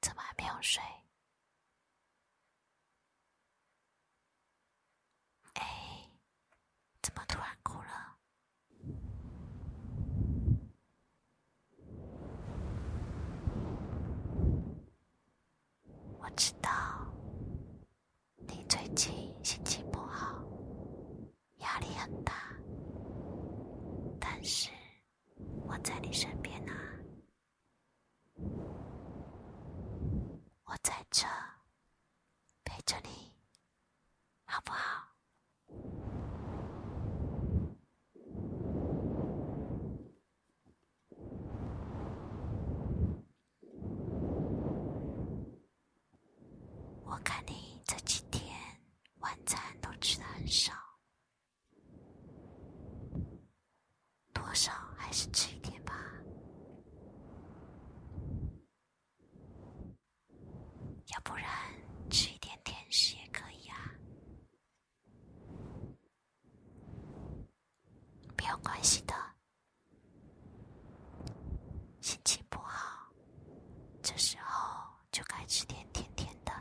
怎麼還沒有睡？哎，怎麼突然哭了？我知道你最近心情這裡，好不好？我看你這幾天。這時候就該吃點甜甜的，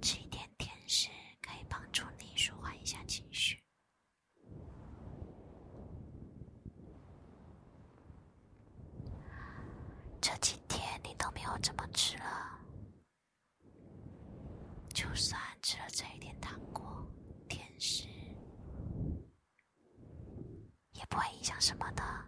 吃一點甜食可以幫助你舒緩一下情緒。這幾天你都沒有怎麼吃了，就算吃了這一點糖果、甜食，也不會影響什麼的。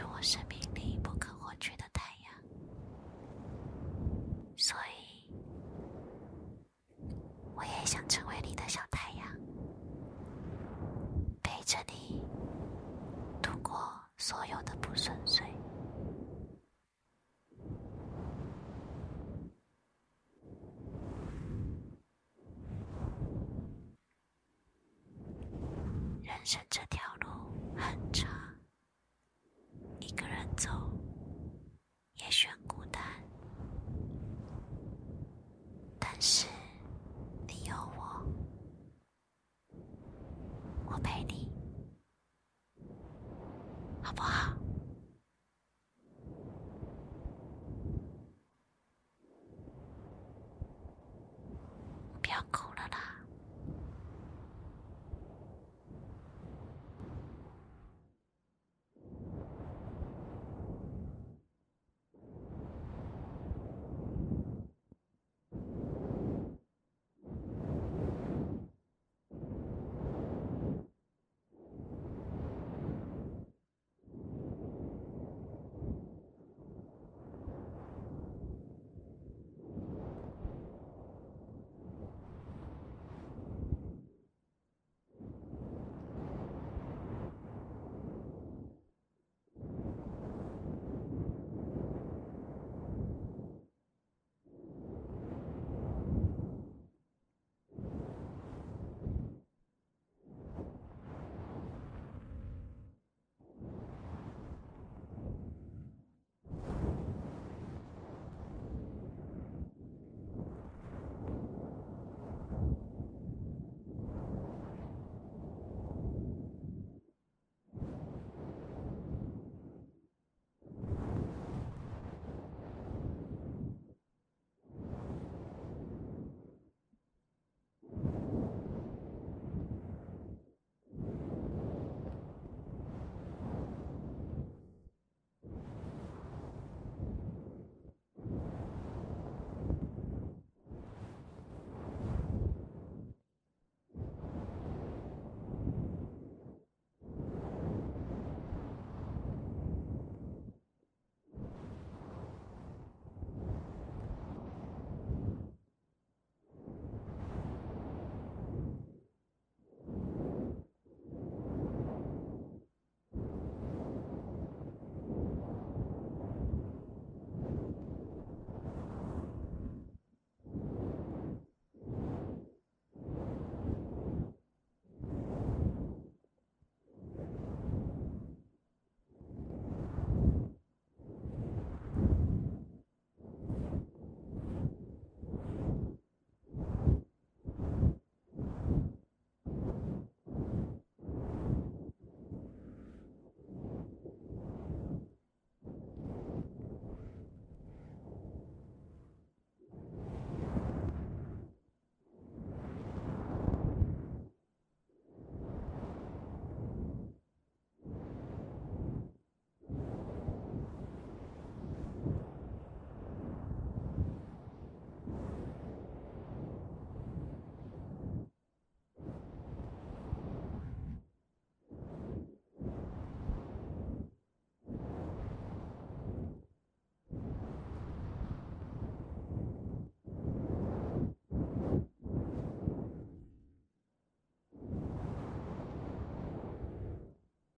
你是我生命裡不可或缺的太陽，所以我也想成為你的小太陽，陪着你度過所有的不順遂。人生這條路很長。走也行